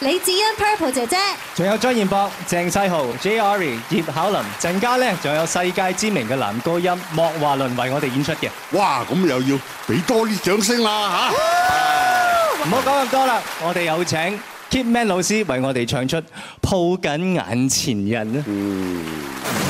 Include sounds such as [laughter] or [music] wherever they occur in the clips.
李紫昕、Purple 姐姐張，仲有張彥博、鄭世豪、J.Arie 葉巧琳，陳家咧，仲有世界知名嘅男高音莫華倫為我哋演出嘅。哇，咁又要俾多啲掌聲啦吓！唔好講咁多啦，我哋有請 Kidman 老師為我哋唱出《抱緊眼前人》啊！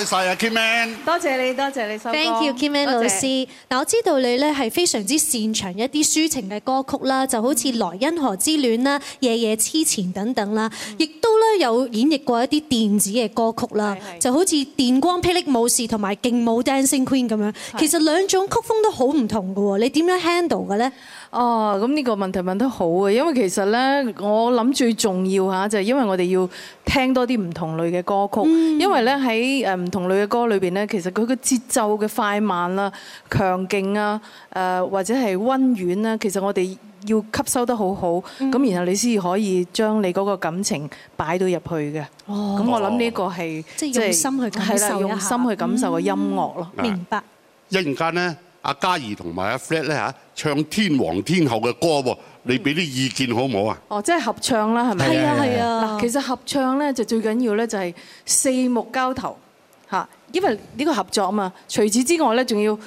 多謝晒 Kim Man，多謝你，多謝你，Thank you，Kim Man 老師。嗱，我知道你咧係非常之擅長一啲抒情嘅歌曲啦，就好似《萊茵河之戀》啦，嗯，《夜夜痴纏》等等啦，亦都咧有演繹過一啲電子嘅歌曲啦，的的就好似《電光霹靂舞士》同埋《勁舞 Dancing Queen》咁樣。的其實兩種曲風都好唔同嘅喎，你點樣 handle 嘅咧？哦，咁呢個問題問得好啊！因為其實呢，我諗最重要嚇就係因為我哋要聽多啲唔同類嘅歌曲，嗯、因為呢，喺誒唔同類嘅歌裏邊呢，其實佢個節奏嘅快慢啦、強勁啊、誒、呃、或者係溫軟啦，其實我哋要吸收得好好，咁、嗯、然後你先可以將你嗰個感情擺到入去嘅。哦那想這，咁我諗呢個係即係用心去感受，用心去感受個音樂咯，嗯、明白。一陣間呢。阿嘉儀同埋阿 Flat 咧，嚇唱天王天后嘅歌喎，你俾啲意見好唔好啊？哦，即係合唱啦，係咪咧？係啊係啊，嗱，其實合唱咧就最緊要咧就係四目交投嚇，因為呢個合作嘛。除此之外咧，仲要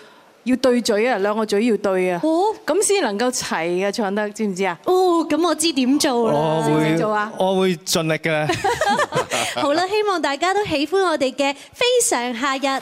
要對嘴啊，兩個嘴要對啊。哦，咁先能夠齊嘅唱得，知唔知啊？哦，咁我知點做啦會，點樣做啊？我會盡力嘅。 [laughs] [laughs] 好啦，希望大家都喜歡我哋嘅非常夏日。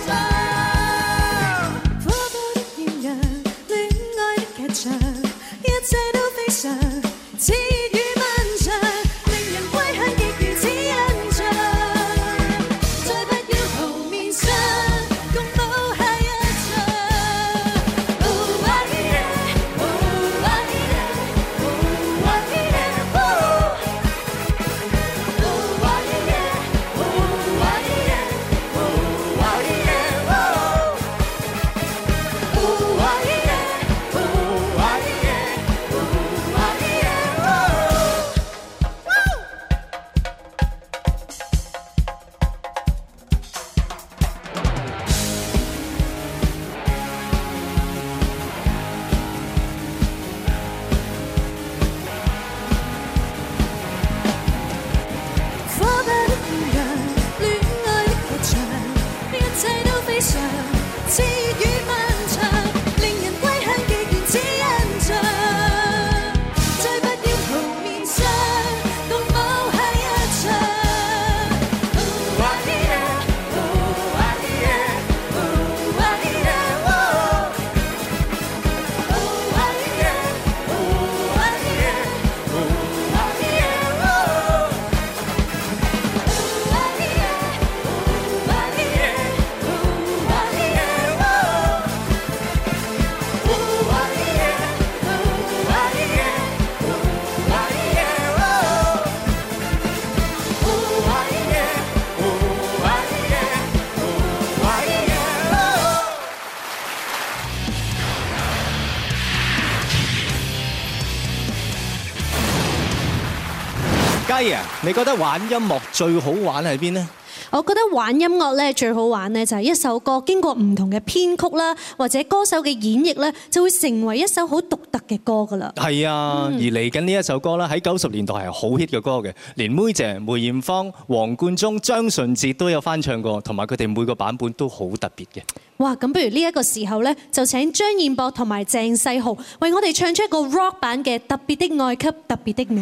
覺得玩音樂最好玩喺邊呢？我覺得玩音樂咧最好玩咧就係一首歌經過唔同嘅編曲啦，或者歌手嘅演繹咧，就會成為一首好獨特嘅歌㗎喇。係啊，而嚟緊呢一首歌咧，喺九十年代係好 hit 嘅歌嘅，連梅姐、梅艷芳、黃貫中、張順節都有翻唱過，同埋佢哋每個版本都好特別嘅。哇！咁不如呢一個時候咧，就請張彥博同埋鄭世豪為我哋唱出一個 rock 版嘅《特別的愛給特別的你》。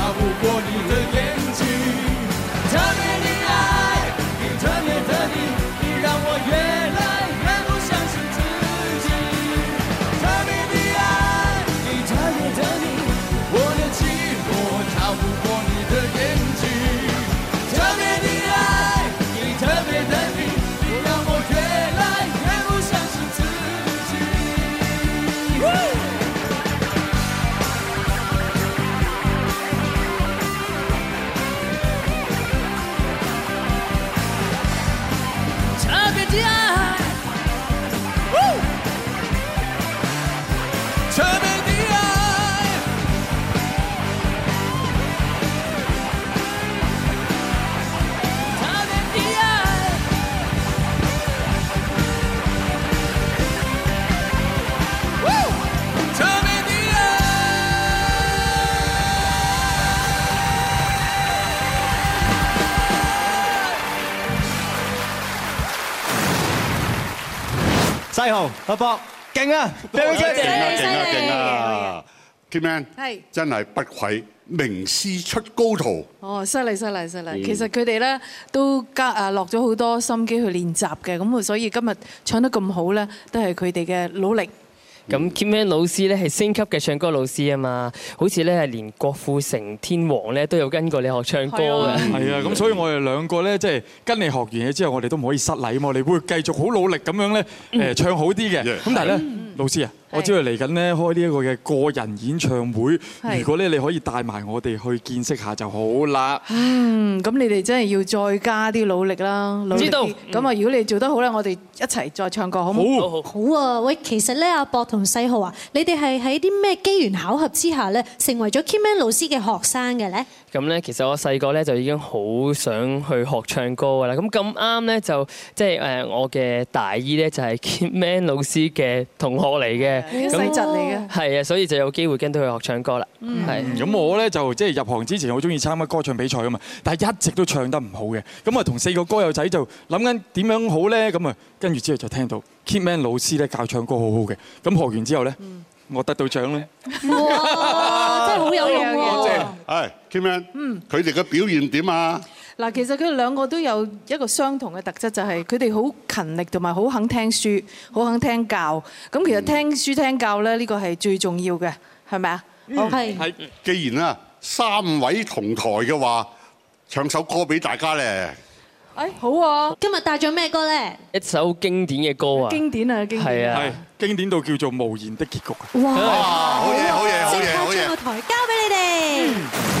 阿博，勁啊！勁啊！勁啊！勁啊！Kit Man，係真係不愧名師出高徒。哦，犀利犀利犀利！其實佢哋咧都加啊落咗好多心機去練習嘅，咁啊所以今日唱得咁好咧，都係佢哋嘅努力。咁 Kimmy 老師呢，係星級嘅唱歌老師啊嘛，好似呢，係連郭富城天王呢都有跟過你學唱歌嘅對了，係啊，咁所以我哋兩個呢，即係跟你學完嘢之後，我哋都唔可以失禮嘛，你會繼續好努力咁樣咧誒唱好啲嘅，咁但係咧老師啊。我知道嚟緊咧開呢一個嘅個人演唱會，如果咧你可以帶埋我哋去見識下就好啦。嗯，咁你哋真係要再加啲努力啦，努力。知道。咁啊，如果你做得好咧，我哋一齊再唱歌好唔好？好，好。好啊，喂，其實咧，阿博同細豪啊，你哋係喺啲咩機緣巧合之下咧，成為咗 Kitman 老師嘅學生嘅咧？咁咧，其實我細個咧就已經好想去學唱歌噶啦。咁咁啱咧就即係誒，我嘅大姨咧就係 Kitman 老師嘅同學嚟嘅。嘅，係啊，所以就有機會跟到佢學唱歌啦。係咁，我咧就即係入行之前好中意參加歌唱比賽噶嘛，但係一直都唱得唔好嘅。咁啊，同四個歌友仔就諗緊點樣好咧。咁啊，跟住之後就聽到 Kit Man 老師咧教唱歌好好嘅。咁學完之後咧，我得到獎咧。哇！真係好有料嘅。即係 Kit Man，嗯，佢哋嘅表現點啊？嗱，其實佢哋兩個都有一個相同嘅特質，就係佢哋好勤力同埋好肯聽書、好肯聽教。咁其實聽書聽教咧，呢個係最重要嘅，係咪啊？OK。係。既然啊，三位同台嘅話，唱首歌俾大家咧。誒，好啊！今日帶咗咩歌咧？一首經典嘅歌啊。經典啊，經典。係啊，經典到叫做無言的結局。哇！好嘢，好嘢，好嘢！好嘢！個台交俾你哋。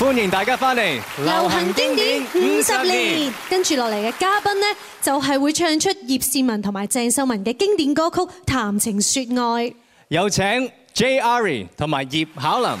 歡迎大家翻嚟，流行經典五十年。跟住落嚟嘅嘉賓呢，就係會唱出葉倩文同埋鄭秀文嘅經典歌曲《談情說愛》。有請 J.Arie 同埋葉巧琳。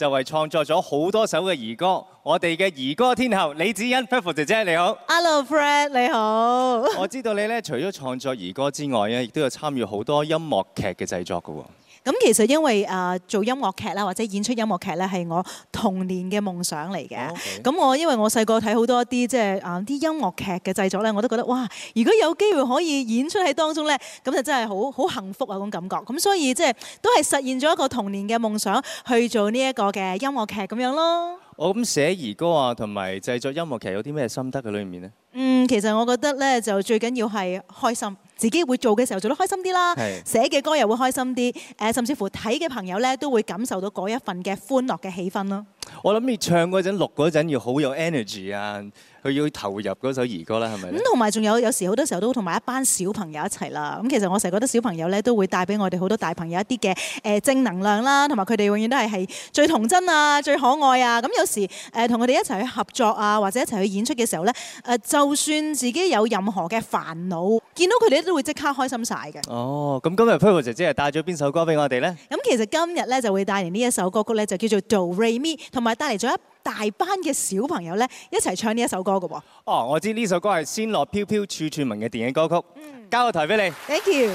就係創作咗好多首嘅兒歌，我哋嘅兒歌天后李紫昕 Phoebe 姐姐，你好，Hello Phoebe 你好。我知道你咧，除咗創作兒歌之外，咧亦都有參與好多音樂劇嘅製作㗎喎。咁其實因為啊做音樂劇啦或者演出音樂劇咧係我童年嘅夢想嚟嘅。咁我因為我細個睇好多一啲即係啊啲音樂劇嘅製作咧，我都覺得哇！如果有機會可以演出喺當中咧，咁就真係好好幸福啊種感覺。咁所以即係都係實現咗一個童年嘅夢想，去做呢一個嘅音樂劇咁樣咯。我咁寫兒歌啊同埋製作音樂劇有啲咩心得喺裏面呢？嗯，其實我覺得咧就最緊要係開心。自己會做嘅時候做得開心啲啦，寫嘅歌又會開心啲，誒，甚至乎睇嘅朋友咧都會感受到嗰一份嘅歡樂嘅氣氛咯。我諗你唱嗰陣錄嗰陣要好有 energy 啊！佢要投入嗰首兒歌啦，係咪？咁同埋仲有，有時好多時候都同埋一班小朋友一齊啦。咁其實我成日覺得小朋友咧都會帶俾我哋好多大朋友一啲嘅誒正能量啦，同埋佢哋永遠都係係最童真啊、最可愛啊。咁有時誒同佢哋一齊去合作啊，或者一齊去演出嘅時候咧，誒就算自己有任何嘅煩惱，見到佢哋都會即刻開心晒嘅。哦，咁今日 Purple 姐姐係帶咗邊首歌俾我哋呢？咁其實今日咧就會帶嚟呢一首歌曲咧，就叫做 Do Re Mi，同埋帶嚟咗一大班嘅小朋友咧，一齊唱呢一首歌㗎喎。哦，我知呢首歌係《仙樂飄飄處處聞》嘅電影歌曲。嗯，交個台俾你。Thank you。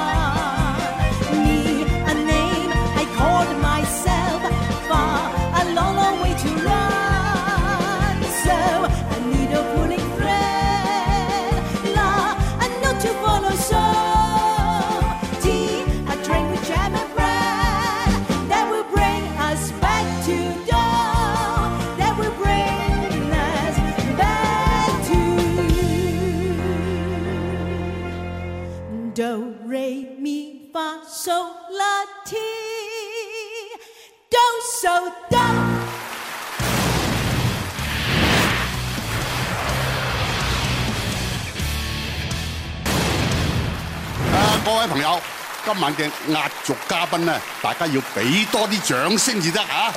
今晚嘅壓軸嘉賓咧，大家要俾多啲掌聲先至得啊！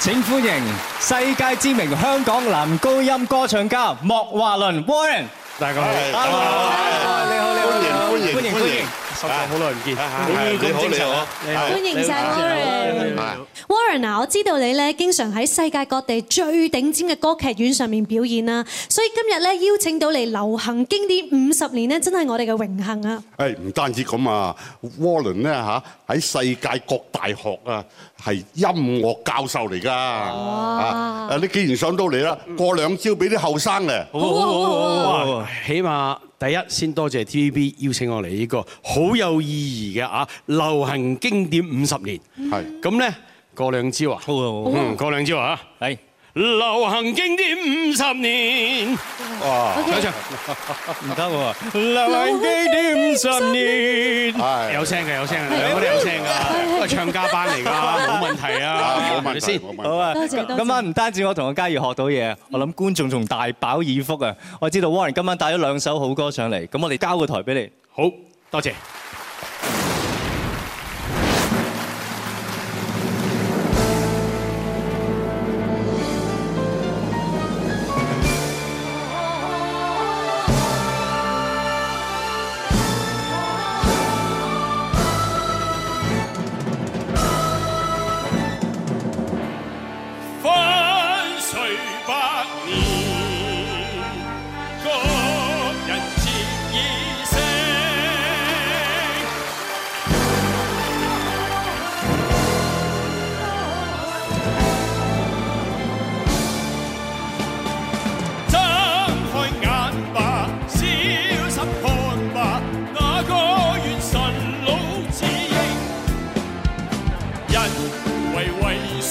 請歡迎世界知名香港男高音歌唱家莫華倫 Warren，的大家好，嗯、你好，迎你好，歡迎，歡迎，歡迎，歡迎。好耐唔見，你好，你好，你好，歡迎晒。Warren。Warren 嗱，我知道你咧經常喺世界各地最頂尖嘅歌劇院上面表演啦，所以今日咧邀請到嚟流行經典五十年咧，真係我哋嘅榮幸啊！誒，唔單止咁啊，Warren 咧嚇喺世界各大學啊。係音樂教授嚟㗎，啊！你既然上到嚟啦，過兩招俾啲後生咧。好好好好，好好好好，起碼第一先多謝 TVB 邀請我嚟呢個好有意義嘅啊流行經典五十年，係咁咧過兩招啊，嗯，過兩招啊，誒。流行經典五十年，哇，唱一唱，唔得喎。流行經典五十年，係有聲嘅，有聲嘅，兩個都有聲噶，都係唱家班嚟噶，冇問題啊，冇問題先。好啊，多謝多謝，今晚唔單止我同阿嘉儀學到嘢，我諗觀眾仲大飽耳福啊！我知道 Warren 今晚帶咗兩首好歌上嚟，咁我哋交個台俾你。好，多謝。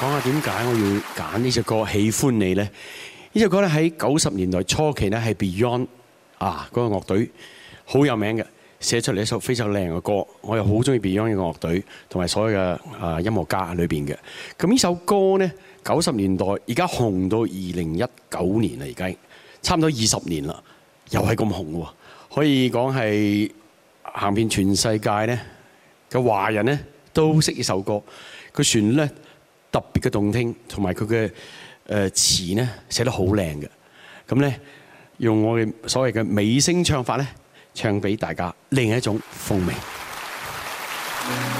講下點解我要揀呢隻歌《喜歡你》呢？呢隻歌咧喺九十年代初期呢、啊，係 Beyond 啊嗰個樂隊好有名嘅，寫出嚟一首非常靚嘅歌。我又好中意 Beyond 嘅個樂隊同埋所有嘅啊音樂家裏邊嘅。咁呢首歌呢，九十年代而家紅到二零一九年啦，而家差唔多二十年啦，又係咁紅喎。可以講係行遍全世界呢，嘅華人呢，都識呢首歌。個旋律特別嘅動聽，同埋佢嘅誒詞咧寫得好靚嘅，咁咧用我哋所謂嘅美聲唱法咧，唱俾大家另一種風味。嗯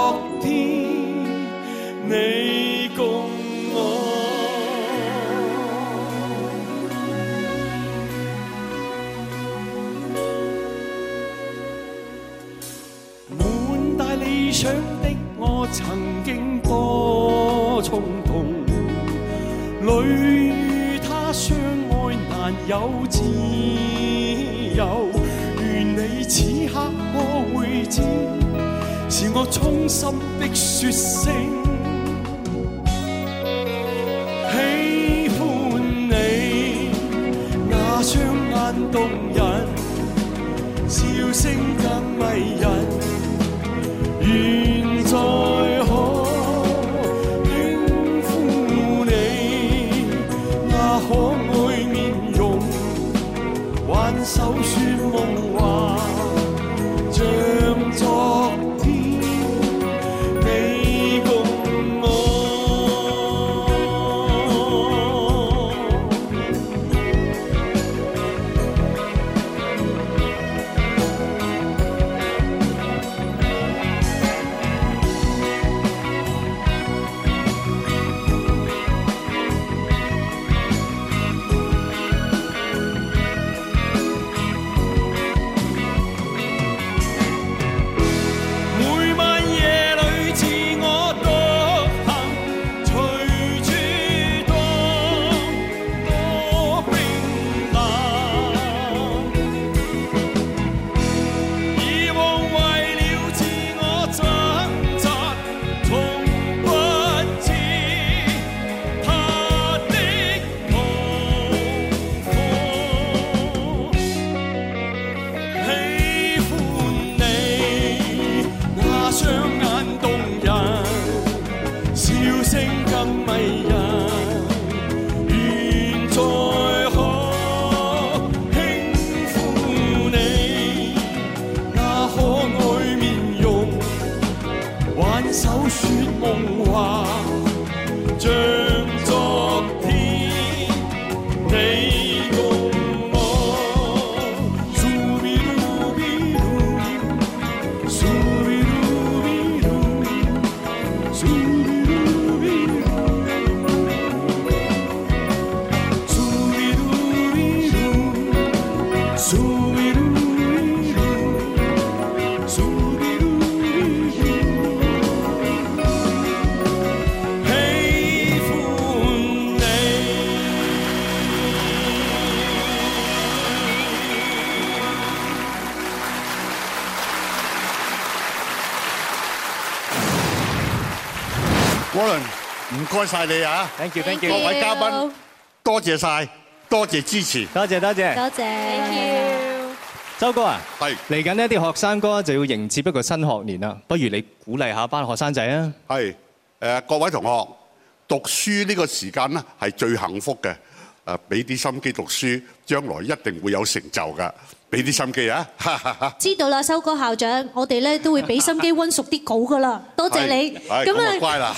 多謝，謝你啊，謝謝各位嘉賓，多謝晒，多謝支持，多謝多謝，多謝，謝，謝，謝。謝謝謝謝謝周哥啊，係嚟緊呢啲學生哥就要迎接一個新學年啦，不如你鼓勵下班學生仔啊。係，誒各位同學，讀書呢個時間咧係最幸福嘅，誒俾啲心機讀書，將來一定會有成就㗎。俾啲心機啊！知道啦，修哥校長，我哋咧都會俾心機溫熟啲稿噶啦，多謝你。咁啊，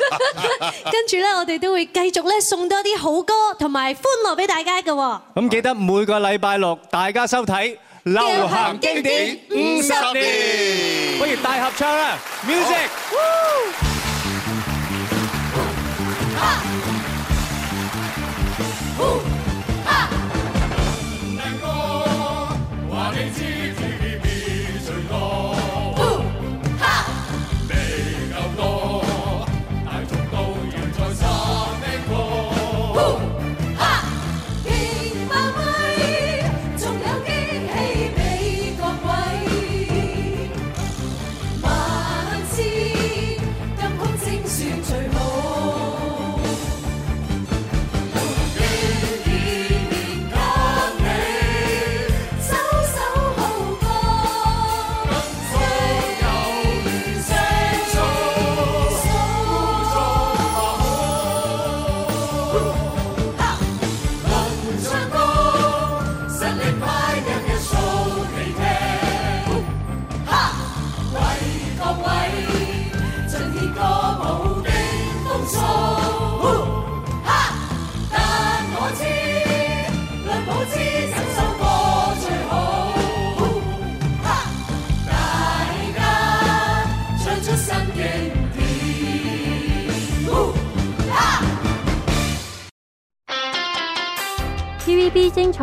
跟住咧，我哋都會繼續咧送多啲好歌同埋歡樂俾大家噶。咁記得每個禮拜六大家收睇流行經典五十年。不如大合唱啦，music。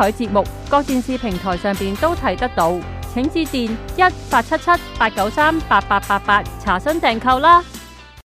睇節目，各電視平台上邊都睇得到，請致電一八七七八九三八八八八查詢訂購啦。